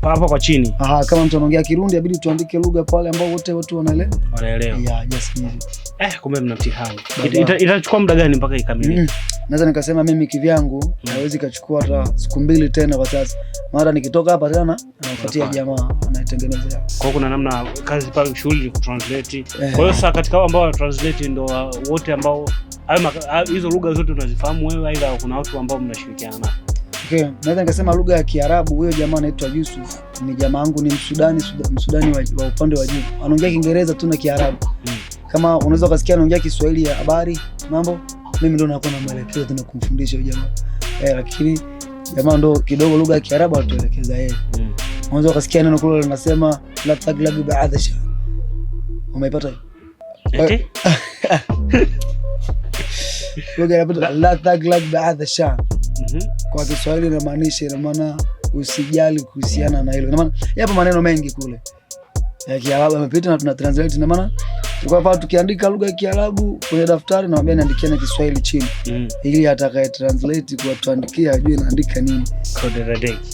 hapa kwa chini. Aha, kama mtu anaongea Kirundi inabidi tuandike lugha pale ambao wote watu wanaelewa. Wanaelewa. Yeah, yes, eh, kumbe mna mtihani. Itachukua muda gani mpaka ikamilike? Mm. Naweza nikasema mimi kivyangu naweza mm. kachukua hata siku mbili tena kwa sasa. Mara nikitoka hapa tena napatia jamaa anaitengeneza. Kwa kuna namna kazi pale shughuli kutranslate. Eh. Kwa hiyo sasa katika ambao translate ndio wote ambao hizo lugha zote unazifahamu wewe, aidha kuna watu ambao mnashirikiana nao? Okay, naweza nikasema lugha ya Kiarabu. Huyo jamaa anaitwa Yusuf, ni jamaa wangu, ni Msudani, Msudani wa, wa upande wa juu, anaongea Kiingereza tu na Kiarabu mm. Kama unaweza ukasikia anaongea Kiswahili ya habari mambo, mimi ndo nakuwa na maelekezo tena kumfundisha huyo jamaa eh, lakini jamaa ndo kidogo lugha ya Kiarabu atuelekeza yeye mm. Unaweza ukasikia neno kule linasema la taglabi baadhisha, umeipata okay. lugha ya la taglabi baadhisha -hmm. Kwa Kiswahili inamaanisha, ina maana usijali kuhusiana na hilo. Ina maana yapo maneno mengi kule ya Kiarabu yamepita na tuna translate, ina maana tulikuwa hapa tukiandika lugha ya Kiarabu kwenye daftari na mwambia niandikie na Kiswahili chini mm. ili atakaye translate kwa tuandikia ajue naandika nini.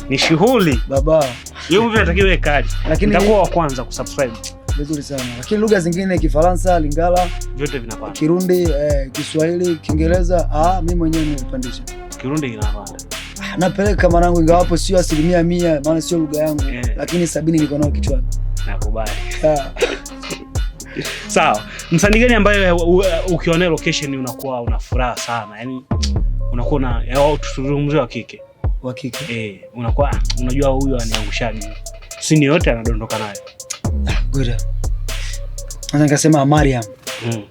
Ni shughuli baba, yeye mtu anatakiwa kali, lakini nitakuwa wa kwanza kusubscribe vizuri sana lakini lugha zingine Kifaransa, Lingala, vyote vinapanda, Kirundi, eh, Kiswahili, Kiingereza, ah, mimi mwenyewe nimepandisha. Kirundi ina maana napeleka mwanangu, ingawapo sio asilimia mia, maana sio lugha yangu yeah. Lakini sabini niko nao kichwani. Nakubali. Ah. Sawa. Msanii gani ambaye ukiona location unakuwa una furaha sana, yani unakuwa na tuzungumzie wa kike wa kike eh, unakuwa unajua huyu aniangushaji sini yote anadondoka nayo. Ah, good. Anasema Mariam. Mm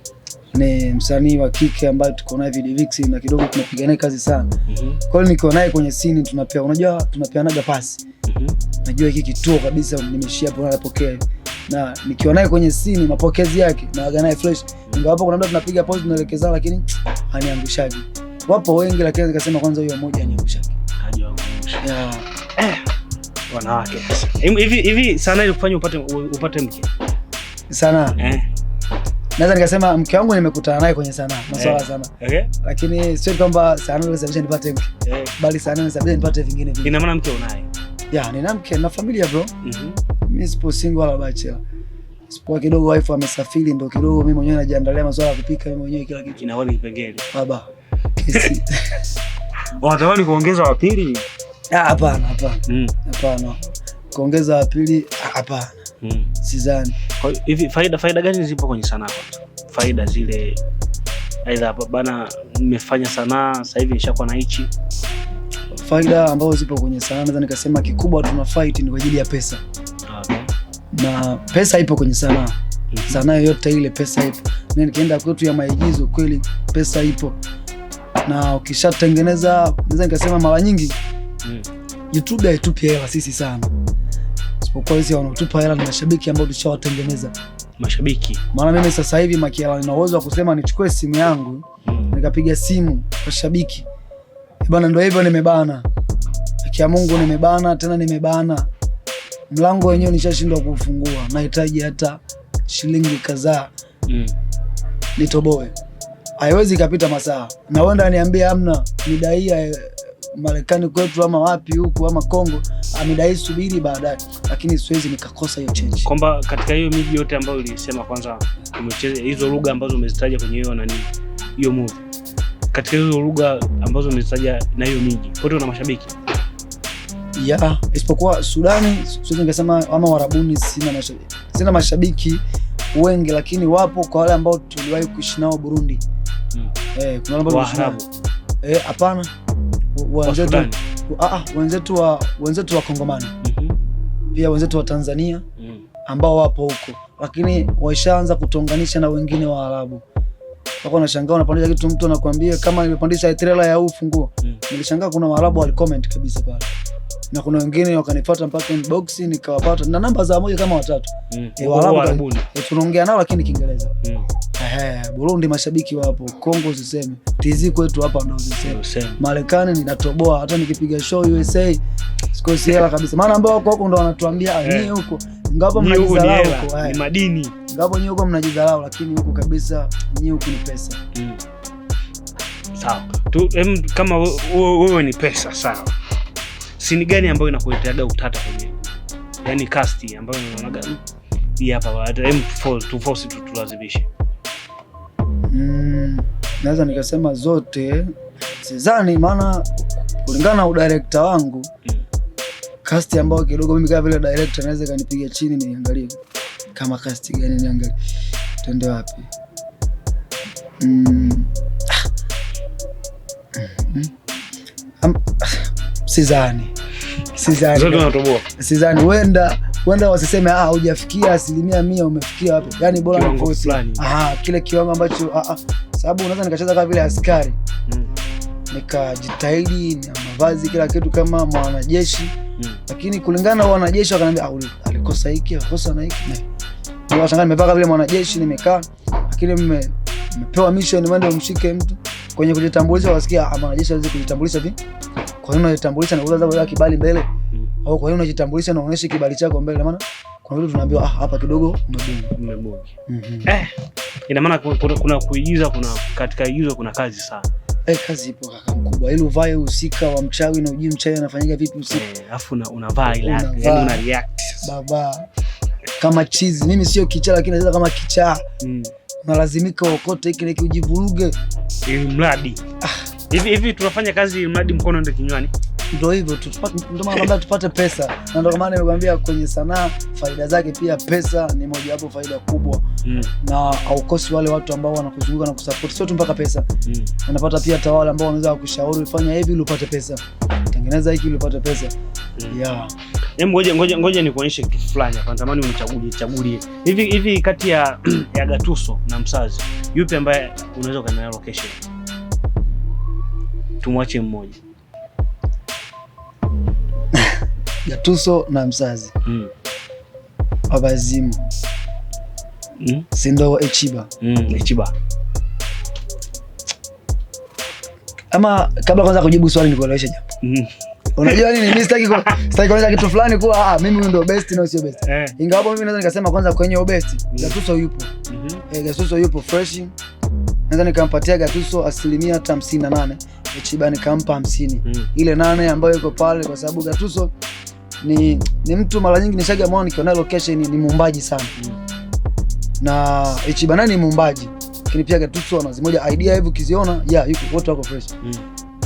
ni msanii wa kike ambaye tuko naye video Vidivix na kidogo tunapiga naye kazi sana. Mm -hmm. Kwa hiyo niko naye kwenye scene tunapea, unajua tunapeanaga pasi. Mm -hmm. Najua hiki kituo kabisa nimeshia hapo napokea. Na nikiwa naye kwenye scene mapokezi yake na waga naye fresh. Ingawa hapo kuna mtu tunapiga pause tunaelekezana lakini haniangushaji. Wapo wengi lakini nikasema kwanza huyo mmoja aniangushaji. Hajaangusha. Yeah. Eh. Wanawake. Hivi hivi sana ilikufanya upate upate mke? Sana. Eh naweza nikasema mke wangu nimekutana naye kwenye sanaa, masuala yeah. sana, Okay. lakini sio kwamba sanaa ndio sababisha nipate mke, yeah. bali sanaa ndio sababisha nipate vingine vingi. Ina maana mke unaye? Ya, nina mke na familia bro. Mhm. Mm, Mimi sipo single wala bachelor. Sipo kidogo wife amesafiri, ndo kidogo mimi mwenyewe najiandalia masuala ya kupika mimi mwenyewe kila kitu. Ina wapi kipengele. Baba. Wanatamani kuongeza wa pili? Ah, hapana, hapana. Mm. Hapana. Kuongeza wa pili, hapana mm. hivi faida faida gani zipo kwenye sanaa? Faida zile aidha bana, nimefanya sanaa sasa hivi nishakuwa na hichi faida ambazo zipo kwenye sanaa, naweza nikasema kikubwa tuna fight ni kwa ajili ya pesa. Ah. Na pesa ipo kwenye sanaa mm-hmm. sanaa yoyote ile pesa ipo, na nikienda kwetu ya maigizo kweli pesa ipo, na ukishatengeneza naweza nikasema mara nyingi mm. YouTube haitupi hela sisi sana Sipokuwa hizi wanaotupa hela ni mashabiki ambao tushawatengeneza mashabiki. Maana mimi sasa hivi Makiala nina uwezo wa kusema nichukue simu yangu mm. nikapiga simu kwa shabiki eh bana, ndo hivyo, nimebana akia Mungu, nimebana tena, nimebana mlango wenyewe nishashindwa kuufungua, nahitaji hata shilingi kadhaa mm. nitoboe. Haiwezi ikapita masaa na wenda niambie amna midai Marekani kwetu ama wapi huku ama Kongo, amedai subiri baadaye, lakini siwezi nikakosa hiyo change. Kwamba katika hiyo miji yote ambayo ulisema kwanza umecheza hizo lugha ambazo umezitaja kwenye hiyo nani hiyo movie, katika hizo lugha ambazo umezitaja na hiyo miji kote una mashabiki ya isipokuwa Sudani, siwezi nikasema ama Warabuni, sina mashabiki, sina mashabiki wengi, lakini wapo kwa wale ambao tuliwahi kuishi nao Burundi. Hmm. Eh, kuna ambao eh, hapana Ah, ah, wenzetu wa Kongomani mhm. pia wenzetu wa Tanzania mm. ambao wapo huko, lakini waishaanza kutuunganisha na wengine wa Arabu. Wako nashangaa unapandisha kitu, mtu anakuambia kama nimepandisha trela ya ufunguo. Mm. Nilishangaa kuna Waarabu walicomment kabisa pale na kuna wengine wakanifuata mpaka inbox nikawapata na namba za moja kama watatu. Mm. Eh, Waarabu eh, tunaongea nao lakini Kiingereza. Ehe, Burundi mashabiki wapo, Kongo usiseme, TZ kwetu hapa ndio usiseme. Marekani ninatoboa, hata nikipiga show USA sikosi hela kabisa, maana ambao wako huko ndo wanatuambia ah, eh. nyie huko ngapo mnajidharau huko, ni eh. madini ngapo nyie huko mnajidharau, lakini huko kabisa nyie huko ni pesa mm. Sawa tu em, kama wewe ni pesa sawa, sini gani ambayo inakuletea utata kwenye yani kasti ambayo unaonaga hii hapa, tulazimishe Mm, naweza nikasema zote sizani, maana kulingana na udirekta wangu kasti ambao kidogo mimi kama vile director naweza kanipiga chini niangalie kama kasti gani niangalie tuende wapi. Mm. sizani sizani sizani, huenda kwenda wasiseme ah, hujafikia asilimia mia, umefikia wapi? Yani bora ah, kile kiwango ambacho ah, ah. Sababu unaweza nikacheza kama vile askari mm. nikajitahidi na mavazi kila kitu kama mwanajeshi mm. lakini kulingana na wanajeshi wakaniambia ah, alikosa hiki alikosa na hiki nimepaka vile mwanajeshi nimekaa, lakini mmepewa mission mwende umshike mtu kwenye kujitambulisha, wasikia ama ah, wanajeshi hawezi kujitambulisha vipi? Kwa nini unajitambulisha na kuuliza sababu kibali mbele? Au kwa nini unajitambulisha na unaonyesha kibali chako mbele? Maana kuna vitu tunaambiwa, ah, hapa kidogo umebonga. Mhm. Eh, ina maana kuna kuna kuigiza, kuna katika igizo kuna kazi sana. Eh, kazi ipo kaka mkubwa, ili yaani uvae usika wa mchawi na ujui mchawi anafanyika vipi usiku. Eh, alafu unavaa ile, yaani una react baba kama cheese. Mimi sio kichaa, lakini naweza kama kichaa mm unalazimika uokote kile na ili mradi hivi hivi tunafanya kazi, ili mradi mkono ndio kinywani ndo hivyo, ndo maana labda tupate pesa, na ndo maana nimekwambia kwenye sanaa faida zake pia pesa ni moja wapo faida kubwa mm. na haukosi wale watu ambao wanakuzunguka na kusupport, sio tu mpaka pesa mm. unapata pia tawala ambao wanaweza kukushauri fanya hivi ili upate pesa, tengeneza hiki ili upate pesa mm. yeah. Ngoja ngoja ngoja nikuonyeshe kitu fulani hapa, natamani unichagulie chagulie hivi hivi, kati ya ya Gatuso na Msazi, yupi ambaye unaweza ukanena location? Tumwache mmoja ya tuso na mzazi mm. Abazimu mm. Sindo Echiba mm. Echiba. Ama kabla kwanza kujibu swali nikueleweshe japo mm. Unajua nini, mimi sitaki sitaki kueleza kitu fulani kuwa ah, mimi huyu ndio best na sio best eh. Ingawa mimi naweza nikasema kwanza kwenye best mm. Gatuso yupo mm -hmm. Eh, Gatuso yupo fresh, naweza nikampatia Gatuso asilimia hata hamsini na nane Echiba nikampa hamsini mm. Ile nane ambayo iko pale kwa sababu Gatuso ni, ni mtu mara nyingi mwana nikiona location ni, ni muumbaji sana mm. na Ichibana ni muumbaji lakini pia Gattuso ana zimoja idea hivi ukiziona yeah, yuko wote wako fresh mm.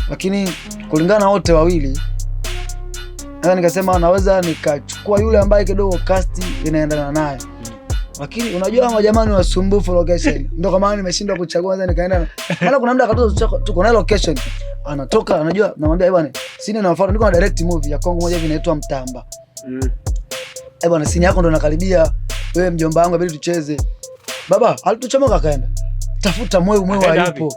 lakini kulingana na wote wawili naweza nikasema naweza nikachukua yule ambaye kidogo cast inaendana naye lakini unajua kama jamani wasumbufu location. Ndio kwa maana nimeshindwa kuchagua kwanza, nikaenda. Maana kuna muda akatoa tuko na location. Anatoka anajua namwambia bwana, sina nafuata niko na direct movie ya Kongo moja inaitwa Mtamba. Mm. bwana sina yako ndo nakaribia. Wewe mjomba wangu inabidi tucheze. Baba, alituchomoka akaenda. Tafuta mwewe mwewe alipo.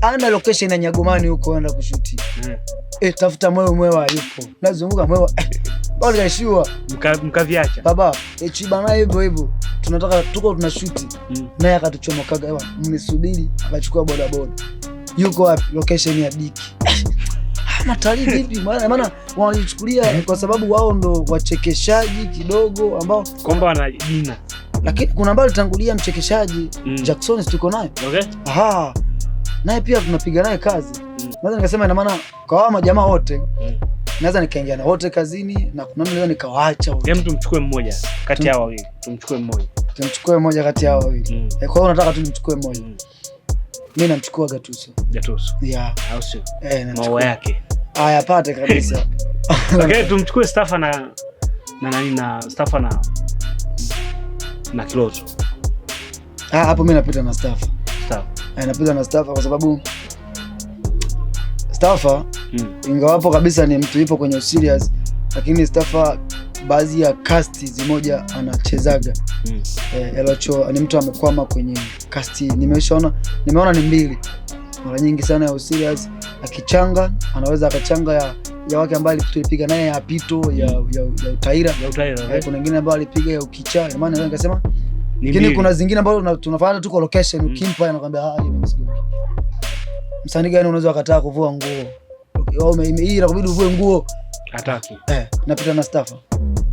Ana location ya Nyagomani huko anaenda kushuti. Mm. Eh, tafuta mwewe mwewe alipo. Nazunguka mwewe. Bali kaishiwa. Mka mkaviacha. Baba, eh, chibana hivyo hivyo tunataka tuko tuna shuti mm. naye akatuchoma kaga, mmesubiri akachukua bodaboda Yuko wapi? Location ya Diki. Ah, matalii vipi? Maana wanachukulia kwa sababu wao ndo wachekeshaji kidogo, ambao kwamba wana jina, lakini kuna ambao alitangulia mchekeshaji mm. Jackson tuko naye okay. naye pia tunapiga naye kazi mm. Naweza nikasema ina maana kwa hao majamaa wote mm naweza nikaingia na wote kazini na kuna mtu naweza nikawaacha wote. Hem, tumchukue mmoja kati ya wawili. Tumchukue mmoja. Tumchukue mmoja kati ya wawili. Mm. Eh, kwa hiyo unataka tu nimchukue mmoja. Mm. Mimi namchukua Gatuso. Gatuso. Yeah. Au sio? Eh, na Maua yake. Ah, yapate kabisa. Okay, tumchukue Staffa na na nani na Staffa na na Kiloto. Ah, hapo mimi napita na Staffa. Staffa. Eh, napita na Staffa kwa sababu Stafa mm. ingawapo kabisa ni mtu ipo kwenye serious, lakini Stafa baadhi ya kasti zimoja anachezaga hmm. E, Elocho ni mtu amekwama kwenye kasti, nimeshaona nimeona ni mbili mara nyingi sana ya serious, akichanga anaweza akachanga ya ya wake ambaye tulipiga naye ya Pito ya hmm. ya, ya Utaira ya Utaira eh, kuna nyingine ambayo alipiga ya Ukicha, ndio maana naweza nikasema, lakini kuna zingine ambazo tunafanya tu kwa location, hmm. ukimpa anakuambia ah, hiyo msigo Msanii gani unaweza ukataa kuvua nguo? Hii inakubidi uvue nguo. Hataki. Eh, napita na staff.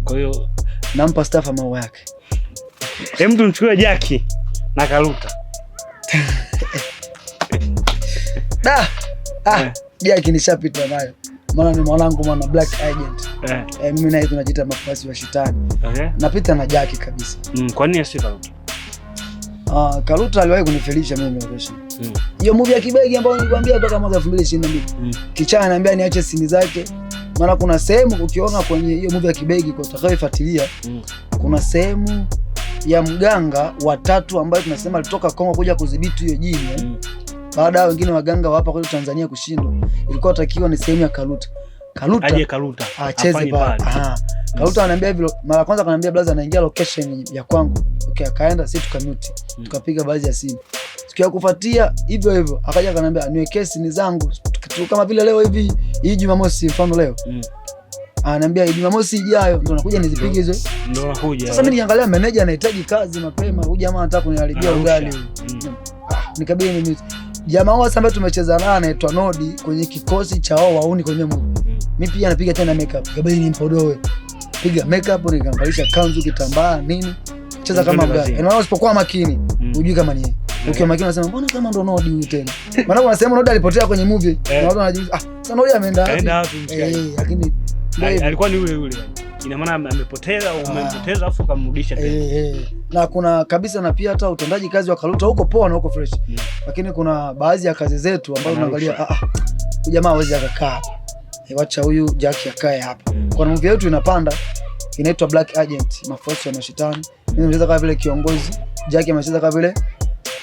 Kwa hiyo nampa staff maua yake. Hem, tumchukue Jaki na Karuta. Da. Ah, eh. Jaki nishapita nayo. Maana ni mwanangu mwana black agent. Eh. Eh, mimi naye tunajiita mafasi wa shetani. Okay. Napita na Jaki kabisa. Mm, kwa nini Uh, Karuta aliwahi kunifelisha mimi location. Mm. Hiyo mm. movie ya Kibegi ambayo nilikwambia toka mwaka 2022. Mm. Kichana ananiambia niache sini zake. Maana kuna sehemu ukiona kwenye hiyo movie ya Kibegi kwa utakayoifuatilia mm. kuna sehemu ya mganga watatu ambayo tunasema alitoka Kongo kuja kudhibiti hiyo jini. Eh. Mm. Baada ya wengine waganga wa hapa kwetu Tanzania kushindwa, ilikuwa takiwa ni sehemu ya Karuta. Karuta aje Karuta acheze ah, pale. Ah, Karuta ananiambia hivyo, mara kwanza kaniambia brother, anaingia location ya kwangu. Okay, akaenda sisi tukamute, hmm. tukapiga baadhi ya simu. Siku kufuatia hivyo hivyo akaja akaniambia niwekee sini zangu kama vile leo hivi hii Jumamosi mfano leo. Mm. Ananiambia Jumamosi ijayo ndo nakuja nizipige hizo. Hmm. Ndo nakuja. Sasa mimi nikiangalia manager anahitaji kazi mapema, huyu jamaa anataka kuniharibia ugali huyu. Hmm. Ah, nikabidi mimi jamaa wao ambaye tumecheza naye anaitwa Nodi kwenye kikosi cha wao wauni kwenye mguu mi pia napiga tena makeup. kabidi nimpodoe. Piga makeup nikamvalisha kanzu, kitambaa, nini. Cheza kama mgani. Na usipokuwa makini, mm. unajui kama ni. Ukiwa makini unasema mbona kama ndo Nodi huyu tena. Maana kuna sehemu Nodi alipotea kwenye movie. Eh. Na watu wanajua, ah, sasa Nodi ameenda wapi? Eh, eh, lakini alikuwa ni yule yule. Ina maana amepoteza au ah. umempoteza afu kamrudisha eh, tena. Eh, na kuna kabisa na pia hata utendaji kazi wa Karuta huko poa na huko fresh. Mm. Lakini kuna baadhi ya kazi zetu ambazo tunaangalia ah, ah, jamaa hawezi akakaa wacha huyu Jack akae hapa. Kwa movie yetu inapanda inaitwa Black Agent, mafosi ya mashetani. Mimi nimecheza kama vile kiongozi, Jack amecheza kama vile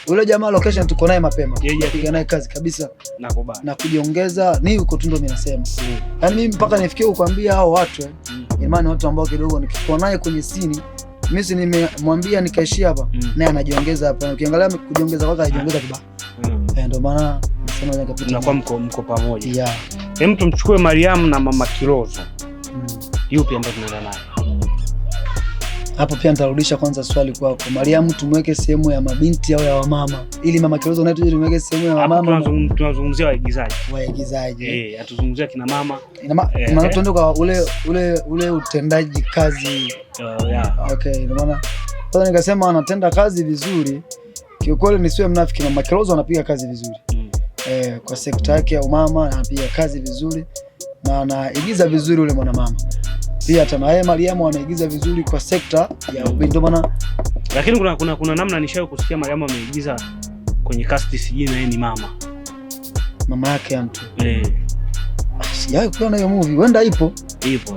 yule jamaa location tuko naye mapema. Piga naye kazi kabisa. Nakubali. Na kujiongeza ni uko tu ndo mimi nasema. Mm. Yaani mimi mpaka nifikie kukwambia hao watu eh. mm. imani watu ambao kidogo nikikuwa naye kwenye sini mimi si nimemwambia nikaishia hapa mm. naye anajiongeza hapa. Ukiangalia kujiongeza kwake anajiongeza kibaya. Eh, Ndio maana nasema nikapita. Mnakuwa mko pamoja. Yeah. Hem, tumchukue Mariamu na mama Kirozo. Mm. Yupi ambaye tunaenda naye? Hapo pia nitarudisha kwanza swali kwako. Mariamu tumweke sehemu ya mabinti au ya wamama, ili mama Kirozo naye tuje tumweke sehemu ya wamama. Tunazungumzia waigizaji. Waigizaji. Eh, atuzungumzia kina mama. Ina maana eh. tuende kwa ule ule ule utendaji kazi. Uh, yeah. Okay, ina maana kwanza nikasema anatenda kazi vizuri. Kiukweli nisiwe mnafiki, mama Kirozo anapiga kazi vizuri eh, kwa sekta yake ya umama, anapiga kazi vizuri na anaigiza vizuri ule mwanamama pia hata naye Mariamu anaigiza vizuri kwa sekta ya ubi, ndio maana lakini kuna, kuna, kuna namna nishawahi kusikia Mariamu ameigiza kwenye kasti, sijui na yeye ni mama mama yake mtu eh, ah, sijawahi kuona hiyo movie, wenda ipo ipo,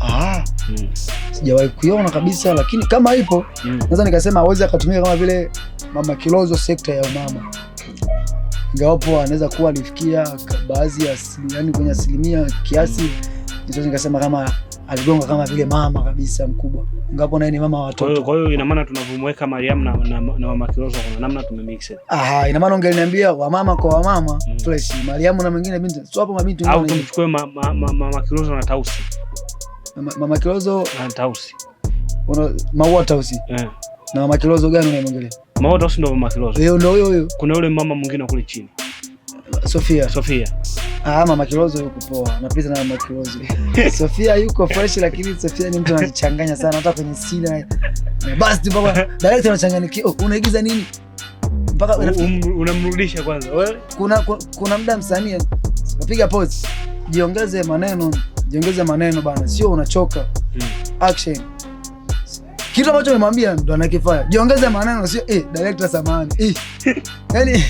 ah mm. sijawahi kuiona kabisa, lakini kama ipo mm. naweza nikasema aweze akatumia kama vile mama Kilozo sekta ya umama ingawapo anaweza kuwa alifikia baadhi ya yani kwenye asilimia kiasi, nikasema kama aligonga kama vile mama kabisa mkubwa, ingawapo naye ni mama wa watoto. Kwa hiyo ina maana tunavyomweka Mariam na, na, na mama Kilosa kuna namna tumemix. Aha, ina maana ungeniambia wamama kwa wamama mm. fresh Mariam na mwingine binti sio hapo, mabinti au tumchukue ma, ma, ma, ma, Kilosa na Tausi mama, mama Kilosa na Tausi, una maua Tausi yeah. na mama Kilosa gani unamwongelea? Mama wote ndio mama Kilozo. Yeye ndio huyo huyo. Kuna yule mama mwingine kule chini. Sofia. Sofia. Ah, mama Kilozo yuko poa. Napita na mama Kilozo. Sofia yuko fresh lakini Sofia ni mtu anachanganya sana hata kwenye scene. Basi tu baba, direct anachanganyikia. Oh, unaigiza nini? Mpaka um- unamrudisha kwanza. Wewe kuna kuna muda msanii unapiga pause. Jiongeze maneno, jiongeze maneno bana. Sio unachoka. Hmm. Action kitu ambacho umemwambia ndo anakifanya. Jiongeze maneno sio eh, director samani. Eh. Yani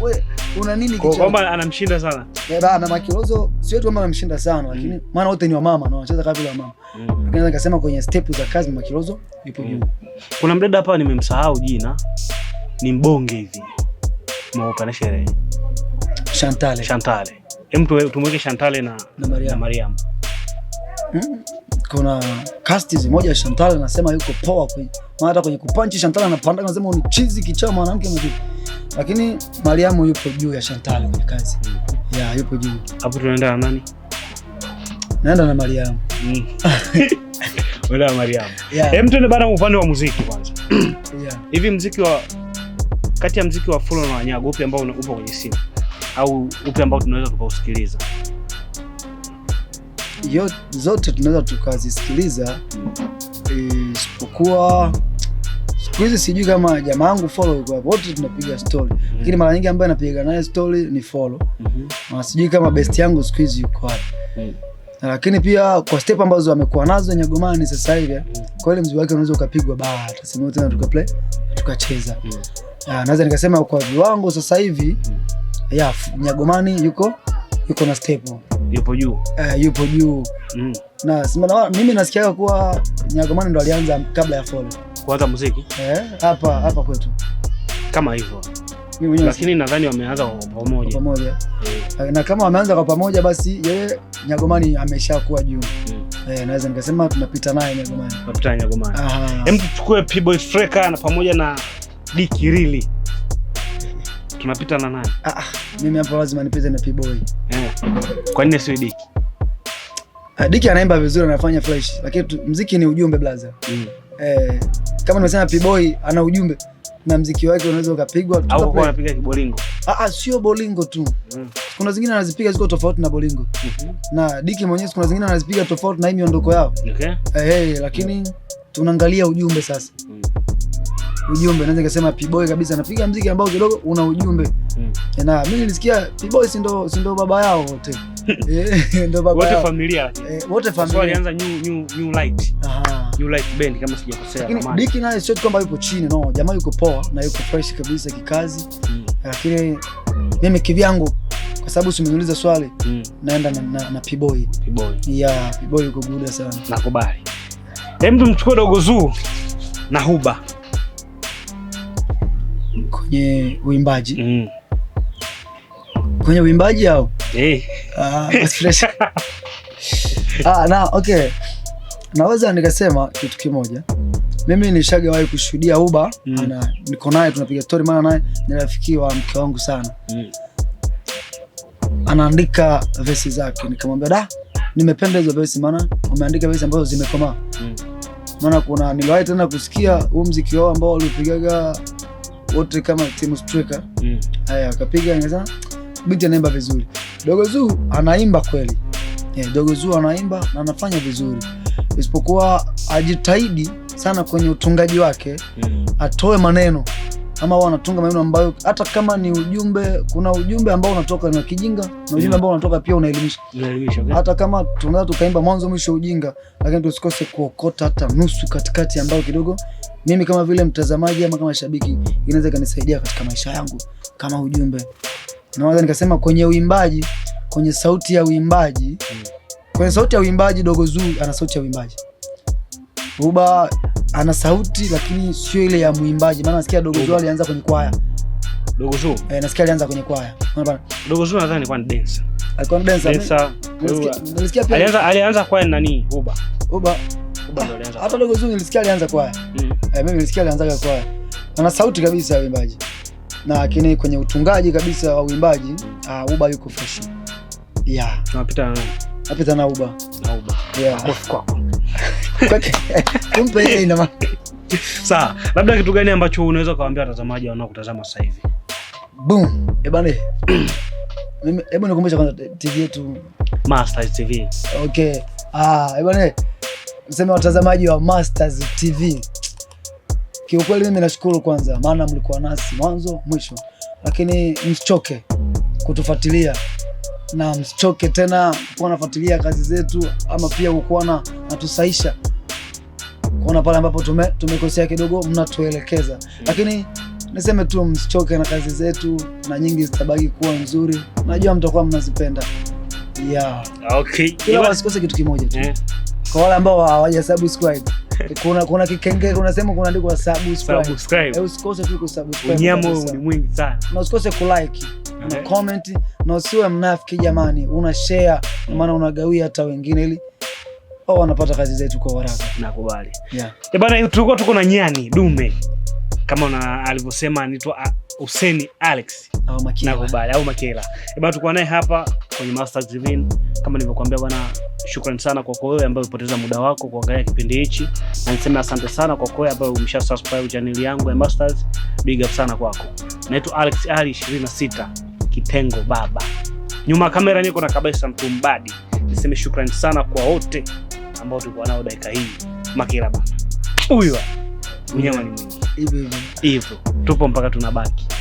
wewe una nini kichwa? Kwamba anamshinda sana. Eh, bana Makilozo sio tu kwamba anamshinda sana mm. lakini maana wote ni wamama na wanacheza kama vile wamama. mm. naweza kusema kwenye step za kazi Makilozo yupo mm. juu. Kuna mdada hapa nimemsahau jina. Ni mbonge hivi. Mwauka na sherehe. Chantale. Chantale. Hem, tumweke Chantale na na Mariam kuna kasti zimoja Chantal anasema yuko poa kwenye maana, hata kwenye kupanchi Chantal anapanda anasema ni chizi kichaa mwanamke mzuri, lakini Mariamu yupo juu ya Chantal kwenye kazi mm-hmm. ya yupo juu hapo. Tunaenda na nani? Naenda na Mariamu. Wala mm. Mariamu. Hem, tuende bana upande wa muziki kwanza. Yeah. Hivi muziki wa kati ya muziki wa Fulo na Wanyago upi ambao upo kwenye simu au upi ambao tunaweza tukausikiliza? zote tunaweza tukazisikiliza isipokuwa siku hizi sijui kama jamaa yangu follow kwa hapo, wote tunapiga story, mm-hmm. lakini mara nyingi ambaye napiga naye story ni follow mm -hmm. Sijui kama best yangu siku hizi yuko hapo mm -hmm. Lakini pia kwa step ambazo amekuwa nazo Nyagomani sasa hivi mm -hmm. Kwa ile mzigo wake unaweza ukapigwa baa hata tusimwe tena tuka play tukacheza mm -hmm. Naweza nikasema kwa viwango sasa hivi mm -hmm. ya Nyagomani yuko yuko na step yupo juu eh, yupo juu mm. Na simana, mimi nasikia kuwa Nyagomani ndo alianza kabla ya Fole kuanza muziki eh, hapa eh, hapa kwetu kama hivyo, lakini nadhani wameanza kwa pamoja pamoja eh. eh. Na kama wameanza kwa pamoja, basi yeye Nyagomani ameshakuwa juu eh. Eh, naweza nikasema tunapita naye Nyagomani, tunapita naye Nyagomani. Hem, tuchukue P-Boy Frecka na pamoja na Dikirili tunapita na nani? Ah, ah, mimi hapo lazima nipite na P-boy. Eh. Kwa nini sio Diki? Ah, Diki anaimba vizuri, anafanya fresh, lakini tu, mziki ni ujumbe blaza. Mm. Eh, kama nimesema P-boy ana ujumbe na mziki wake unaweza ukapigwa tu. au kwa anapiga kibolingo. Ah, ah, sio bolingo tu. Mm. Kuna zingine anazipiga ziko tofauti na bolingo. Mm -hmm. Na Diki mwenyewe kuna zingine anazipiga tofauti na hii miondoko yao. Okay. Eh, hey, lakini mm. tunaangalia ujumbe sasa. Mm ujumbe. Naweza nikasema P-Boy kabisa anapiga mziki ambao kidogo una ujumbe mm. Na mimi nilisikia P-Boy si ndo si ndo baba yao wote eh, ndo baba wote familia eh, wote familia walianza new new new light aha new light band kama sijakosea. Lakini Diki naye sio kwamba yuko chini, no, jamaa yuko poa na yuko fresh kabisa kikazi mm. Lakini mimi kivyangu kwa sababu simeuliza swali mm. naenda na, na, na P-Boy. P-Boy. Yeah, P-Boy yuko guda sana. Nakubali. Hebu tumchukue Dogo Zuu na Huba kwenye uimbaji mm. kwenye uimbaji eh. ah, au hey. Ah, na, okay. Naweza nikasema kitu kimoja, mimi nishagawahi kushuhudia Uba mm. ana niko naye tunapiga story, maana naye ni rafiki wa mke wangu sana mm. anaandika vesi zake, nikamwambia da, nimependa hizo vesi, maana umeandika vesi ambazo zimekomaa mm. maana kuna niliwahi tena kusikia huu mziki wao ambao ulipigaga wote kama timu striker. Mm. Aya, akapiga ngeza binti anaimba vizuri. Dogo Zuu anaimba kweli. Yeah, Dogo Zuu anaimba na anafanya vizuri. Isipokuwa ajitahidi sana kwenye utungaji wake. Mm. Atoe maneno ama wao wanatunga maneno ambayo hata kama ni ujumbe, kuna ujumbe ambao unatoka na kijinga na ujumbe mm. ambao unatoka pia unaelimisha unaelimisha, okay. hata kama tunaweza tukaimba mwanzo mwisho ujinga, lakini tusikose kuokota hata nusu katikati, ambayo kidogo mimi kama vile mtazamaji ama kama shabiki inaweza kanisaidia katika maisha yangu kama ujumbe, naweza nikasema kwenye uimbaji, kwenye sauti ya uimbaji mm. kwenye sauti ya uimbaji, Dogo Zuu ana sauti ya uimbaji Ruba ana sauti lakini sio ile ya mwimbaji, maana nasikia Dogo Zuu alianza kwenye kwaya. Dogo Zuu? Eh, nasikia alianza kwenye kwaya. Unaona? bana? Dogo Zuu nadhani kwa dancer. Alikuwa ni dancer. Dancer. Eh? Nasikia pia alianza alianza kwaya nani? Ruba. Ruba. Ruba ndio alianza. Hata Dogo Zuu nilisikia alianza kwaya. Mm. Eh, mimi nilisikia alianza kwaya. Ana sauti kabisa ya mwimbaji. Na lakini kwenye utungaji kabisa wa uimbaji, ah, Ruba yuko fresh. Yeah. Tunapita na Ruba. Napita na Ruba. Na Ruba. Yeah. Kwako. Kumpe ile ina Sawa, labda kitu gani ambacho unaweza ukawaambia watazamaji wanaokutazama sasa hivi? Boom. Eh bana. Eh. Mimi hebu kwanza TV yetu Masters TV. Okay. Ah, eh bana. Eh. watazamaji wa Masters TV. Kiukweli mimi nashukuru kwanza, maana mlikuwa nasi mwanzo mwisho, lakini msichoke kutufuatilia na msichoke tena kuwa nafuatilia kazi zetu, ama pia kukuwa na natusaisha kuona pale ambapo tume, tumekosea kidogo, mnatuelekeza, lakini niseme tu msichoke na kazi zetu, na nyingi zitabaki kuwa nzuri. Najua mtakuwa mnazipenda yeah. Okay. Ila wasikose kitu kimoja tu yeah. Kwa wale ambao hawaja subscribe kuna kuna kikenge kuna sehemu kunaandikwa subscribe. Subscribe. Eh, usikose tu kusubscribe. Unyamo ni mwingi sana. Na usikose kulike na eh. comment, na usiwe mnafiki jamani, una share maana unagawia hata wengine ili au oh, wanapata kazi zetu kwa haraka. Nakubali. Yeah. Eh, bana tulikuwa tuko na nyani dume kama na alivyosema anaitwa ah, Useni Alex au Makela. Nakubali au Makela. E bana tulikuwa naye hapa kwenye Mastaz TV kama nilivyokuambia bana Shukrani sana kwa kwa wewe ambaye umepoteza muda wako kuangalia kipindi hichi, na niseme asante sana kwa wewe ambaye umesha subscribe channel yangu ya Mastaz. Big up sana kwako. Naitwa Alex Ali 26 Kitengo Baba, nyuma kamera niko na kabisa Mtumbadi niseme shukrani sana kwa wote ambao tulikuwa nao dakika hii. Makila bana, huyu mnyama ni mwingi hivyo, tupo mpaka tunabaki